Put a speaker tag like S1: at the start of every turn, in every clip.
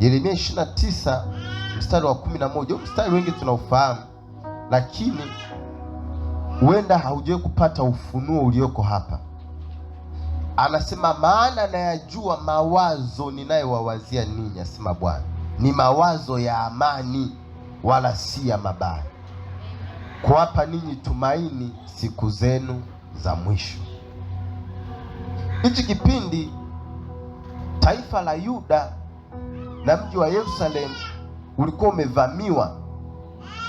S1: Yeremia 29 mstari wa 11. Mstari wengi tunaufahamu, lakini huenda haujawahi kupata ufunuo ulioko hapa. Anasema, maana nayajua mawazo ninayowawazia ninyi, asema Bwana, ni mawazo ya amani, wala si ya mabaya, kuwapa ninyi tumaini siku zenu za mwisho. Hichi kipindi taifa la Yuda na mji wa Yerusalemu ulikuwa umevamiwa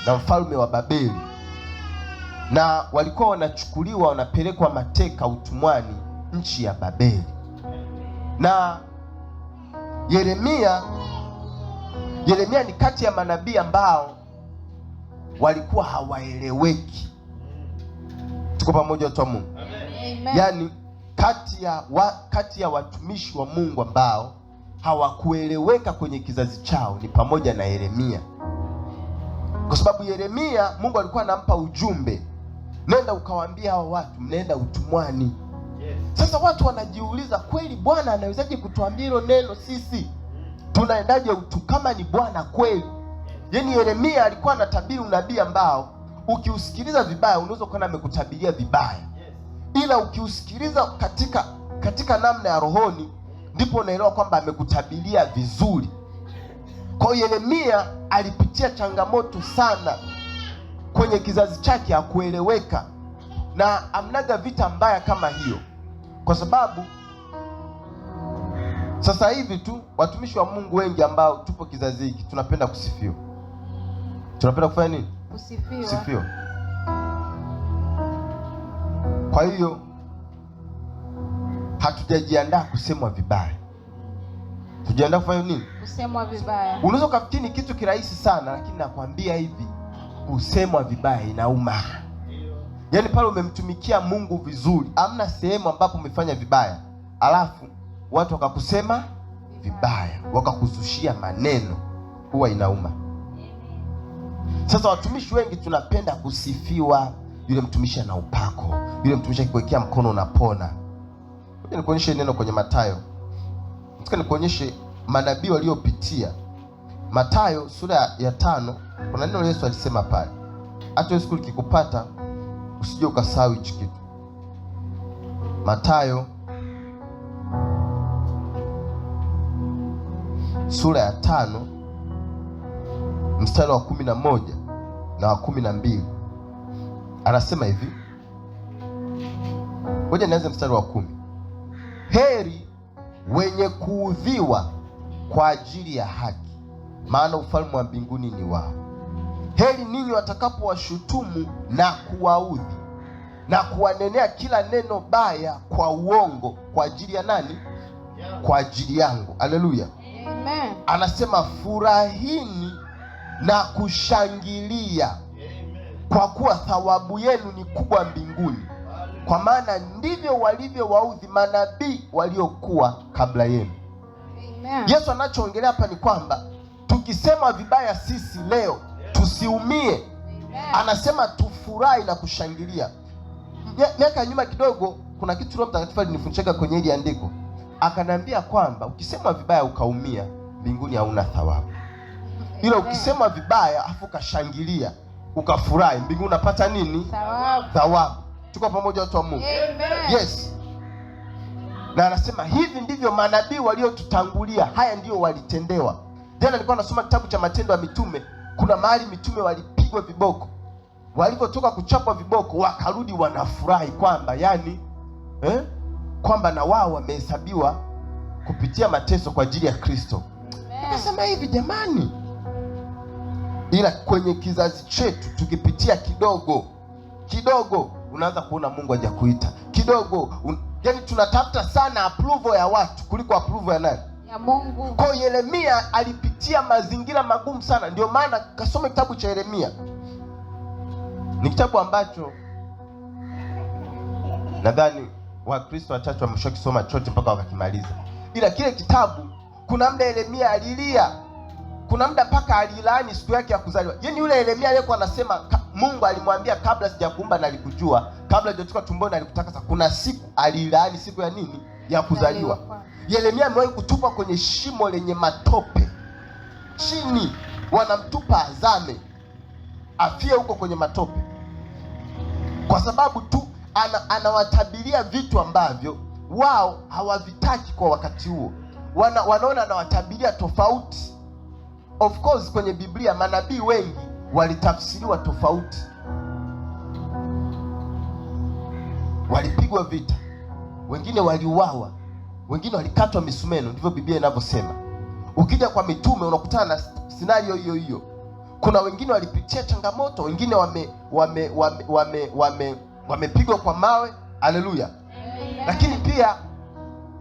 S1: na mfalme wa Babeli, na walikuwa wanachukuliwa wanapelekwa mateka utumwani nchi ya Babeli. Na Yeremia, Yeremia ni kati ya manabii ambao walikuwa hawaeleweki. Tuko pamoja watu wa Mungu, yaani kati ya, wa, kati ya watumishi wa Mungu ambao hawakueleweka kwenye kizazi chao ni pamoja na Yeremia, kwa sababu Yeremia Mungu alikuwa anampa ujumbe, nenda ukawaambia hawa watu mnaenda utumwani. Yes. Sasa watu wanajiuliza, kweli Bwana anawezaje kutuambia hilo neno? Sisi tunaendaje utu kama ni Bwana kweli? Yaani Yeremia alikuwa anatabiri unabii ambao ukiusikiliza vibaya unaweza kuwa amekutabiria vibaya, ila ukiusikiliza katika katika namna ya rohoni ndipo unaelewa kwamba amekutabilia vizuri. Kwa hiyo Yeremia alipitia changamoto sana kwenye kizazi chake, hakueleweka na amnaga vita mbaya kama hiyo, kwa sababu sasa hivi tu watumishi wa Mungu wengi ambao tupo kizazi hiki tunapenda kusifiwa, tunapenda kufanya nini? Kusifiwa. Kusifiwa. Kwa hiyo hatujajiandaa kusemwa vibaya. Tujiandaa kufanya nini?
S2: Kusemwa vibaya.
S1: Unaweza ukafikiri kitu kirahisi sana, lakini nakwambia hivi, kusemwa vibaya inauma. Yaani pale umemtumikia Mungu vizuri, amna sehemu ambapo umefanya vibaya, alafu watu wakakusema vibaya, wakakuzushia maneno, huwa inauma. Sasa watumishi wengi tunapenda kusifiwa, yule mtumishi ana upako, yule mtumishi akikuwekea mkono unapona nikuonyeshe neno kwenye Mathayo, nataka nikuonyeshe manabii waliopitia. Mathayo sura ya tano, kuna neno Yesu alisema pale, hata siku likikupata usije ukasahau hichi kitu. Mathayo sura ya tano mstari wa kumi na moja na wa kumi na mbili anasema hivi, ngoja nianze mstari wa kumi. Heri wenye kuudhiwa kwa ajili ya haki, maana ufalme wa mbinguni ni wao. Heri ninyi watakapowashutumu na kuwaudhi na kuwanenea kila neno baya kwa uongo, kwa ajili ya nani? Kwa ajili yangu. Haleluya, amen. Anasema furahini na kushangilia, kwa kuwa thawabu yenu ni kubwa mbinguni kwa maana ndivyo walivyo waudhi manabii waliokuwa kabla yenu. Yesu anachoongelea hapa ni kwamba tukisema vibaya sisi leo tusiumie. Amen. Anasema tufurahi na kushangilia. Miaka ya nyuma kidogo, kuna kitu Roho Mtakatifu alinifundishaga kwenye hili andiko, akanambia kwamba ukisema vibaya ukaumia, mbinguni hauna thawabu, ila ukisema vibaya afu ukashangilia ukafurahi, mbinguni unapata nini? Thawabu. Tuko pamoja watu wa Mungu. Yes. Na anasema hivi ndivyo manabii waliotutangulia, haya ndiyo walitendewa. Tena nilikuwa nasoma kitabu cha Matendo ya Mitume, kuna mahali mitume walipigwa viboko, walivyotoka kuchapwa viboko wakarudi wanafurahi kwamba yani, eh, kwamba na wao wamehesabiwa kupitia mateso kwa ajili ya Kristo. Nasema hivi jamani, ila kwenye kizazi chetu tukipitia kidogo kidogo unaanza kuona Mungu hajakuita kidogo un... yaani tunatafuta sana approval ya watu kuliko approval ya nani?
S2: Ya Mungu.
S1: Kwa hiyo Yeremia alipitia mazingira magumu sana, ndio maana kasome kitabu cha Yeremia. Ni kitabu ambacho nadhani Wakristo wachache wameshakisoma chote mpaka wakakimaliza, ila kile kitabu kuna muda Yeremia alilia, kuna muda mpaka alilaani siku yake ya kuzaliwa. Yaani yule Yeremia aliyekuwa anasema Mungu alimwambia kabla sijakuumba nalikujua, kabla hujatoka tumboni nalikutaka. Kuna siku alilaani siku ya nini? Ya kuzaliwa. Yeremia amewahi kutupwa kwenye shimo lenye matope chini, wanamtupa azame, afie huko kwenye matope, kwa sababu tu ana, anawatabiria vitu ambavyo wao hawavitaki kwa wakati huo, wana, wanaona anawatabiria tofauti. Of course kwenye Biblia manabii wengi walitafsiriwa tofauti, walipigwa vita, wengine waliuawa, wengine walikatwa misumeno. Ndivyo Biblia inavyosema. Ukija kwa mitume unakutana na sinario hiyo hiyo. Kuna wengine walipitia changamoto, wengine wamepigwa wame, wame, wame, wame, kwa mawe. Haleluya! Lakini pia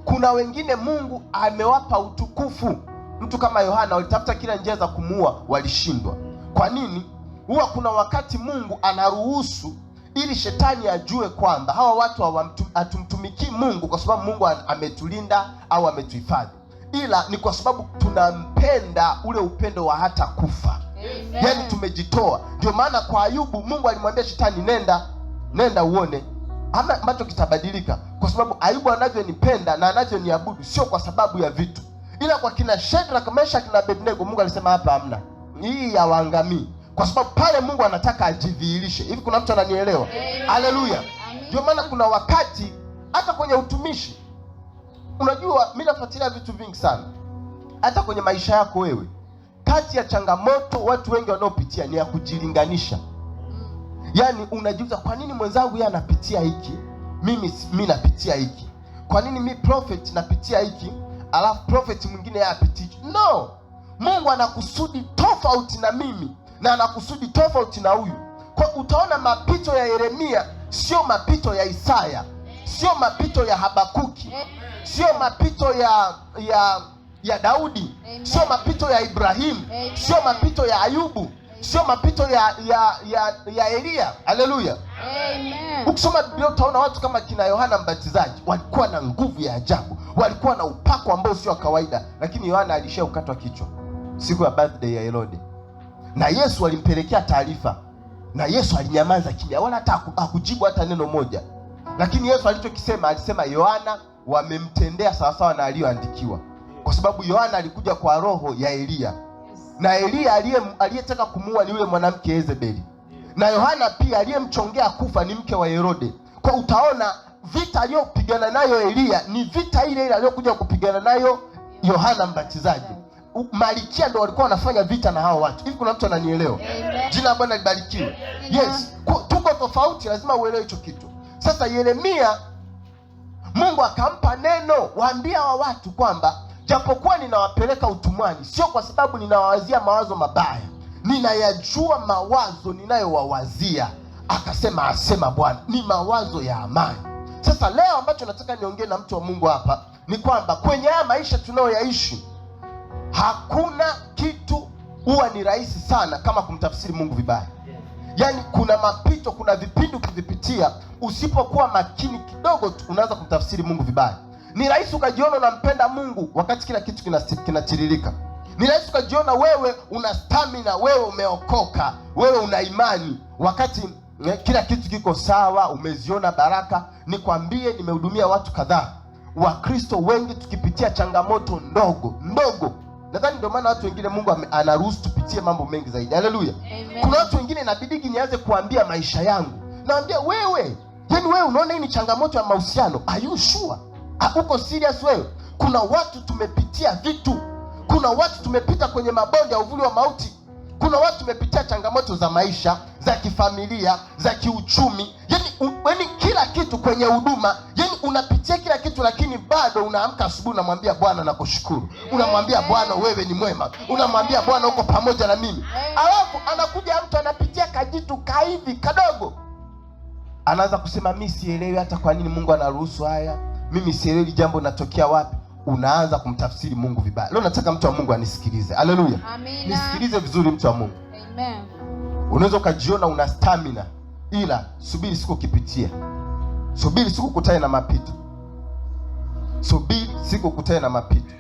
S1: kuna wengine Mungu amewapa utukufu. Mtu kama Yohana walitafuta kila njia za kumuua, walishindwa. Kwa nini? Huwa kuna wakati Mungu anaruhusu ili shetani ajue kwamba hawa watu hatumtumikii Mungu kwa sababu Mungu ametulinda au ametuhifadhi, ila ni kwa sababu tunampenda ule upendo wa hata kufa. Amen. Yani tumejitoa. Ndio maana kwa Ayubu Mungu alimwambia shetani, nenda nenda uone ama ambacho kitabadilika, kwa sababu Ayubu anavyonipenda na anavyoniabudu sio kwa sababu ya vitu, ila kwa kina Shadraka, Meshaki na Abednego Mungu alisema hapa hamna ili yawaangamii, kwa sababu pale Mungu anataka ajidhihirishe. Hivi kuna mtu ananielewa? Haleluya! Ndio maana kuna wakati hata kwenye utumishi, unajua mimi nafuatilia vitu vingi sana, hata kwenye maisha yako wewe, kati ya changamoto watu wengi wanaopitia ni ya kujilinganisha. Yaani unajiuliza kwa nini mwenzangu yeye anapitia hiki, mimi mimi napitia hiki, kwa nini mi prophet napitia hiki alafu prophet mwingine yeye apitie? No, Mungu anakusudi tofauti na mimi na anakusudi tofauti na huyu. Kwa utaona mapito ya Yeremia sio mapito ya Isaya, sio mapito ya Habakuki, sio mapito ya ya ya Daudi, sio mapito ya Ibrahimu, sio mapito ya Ayubu, sio mapito ya ya ya, ya Eliya. Haleluya, amen. Ukisoma Biblia utaona watu kama kina Yohana Mbatizaji walikuwa na nguvu ya ajabu, walikuwa na upako ambao sio wa kawaida, lakini Yohana alishaukatwa kichwa siku ya birthday ya Herode, na Yesu alimpelekea taarifa, na Yesu alinyamaza kimya, wala hata hakujibu hata neno moja. Lakini Yesu alichokisema, alisema Yohana wamemtendea sawasawa na aliyoandikiwa, kwa sababu Yohana alikuja kwa roho ya Eliya na Eliya aliyetaka kumuua ni yule mwanamke Yezebeli, na Yohana pia aliyemchongea kufa ni mke wa Herode. Kwa utaona vita aliyopigana nayo Eliya ni vita ile ile aliyokuja kupigana nayo Yohana Mbatizaji malikia ndo walikuwa wanafanya vita na hao watu. Hivi kuna mtu ananielewa? Jina la Bwana libarikiwe. Yes, tuko tofauti, lazima uelewe hicho kitu. Sasa Yeremia, Mungu akampa neno, waambia wa watu kwamba japokuwa ninawapeleka utumwani, sio kwa sababu ninawawazia mawazo mabaya, ninayajua mawazo ninayowawazia. Akasema, asema Bwana, ni mawazo ya amani. Sasa leo ambacho nataka niongee na mtu wa Mungu hapa ni kwamba kwenye haya maisha tunayoyaishi Hakuna kitu huwa ni rahisi sana kama kumtafsiri Mungu vibaya. Yaani kuna mapito, kuna vipindi ukivipitia, usipokuwa makini kidogo tu unaanza kumtafsiri Mungu vibaya. Ni rahisi ukajiona unampenda Mungu wakati kila kitu kinatiririka. Ni rahisi ukajiona wewe una stamina, wewe umeokoka, wewe una imani wakati eh, kila kitu kiko sawa, umeziona baraka. Nikwambie, nimehudumia watu kadhaa Wakristo wengi tukipitia changamoto ndogo ndogo Nadhani ndio maana watu wengine Mungu anaruhusu tupitie mambo mengi zaidi. Haleluya. Kuna watu wengine inabidi nianze kuambia maisha yangu, naambia wewe, yani wewe unaona hii ni changamoto ya mahusiano, are you sure? Ah, uko serious wewe? Kuna watu tumepitia vitu, kuna watu tumepita kwenye mabonde ya uvuli wa mauti, kuna watu tumepitia changamoto za maisha, za kifamilia, za kiuchumi, yaani, yaani kila kitu kwenye huduma, yani unapitia kila kitu, lakini bado unaamka asubuhi, unamwambia Bwana nakushukuru, unamwambia Bwana wewe ni mwema, unamwambia Bwana uko pamoja na mimi. Alafu anakuja mtu anapitia kajitu kaivi kadogo, anaanza kusema mi sielewi hata kwa nini Mungu anaruhusu haya, mimi sielewi jambo linatokea wapi. Unaanza kumtafsiri Mungu vibaya. Leo nataka mtu wa Mungu anisikilize. Haleluya, nisikilize vizuri, mtu wa Mungu. Amen. Unaweza ukajiona una stamina, ila subiri siku kipitia, subiri siku ukutane na mapito subiri siku kutena mapito.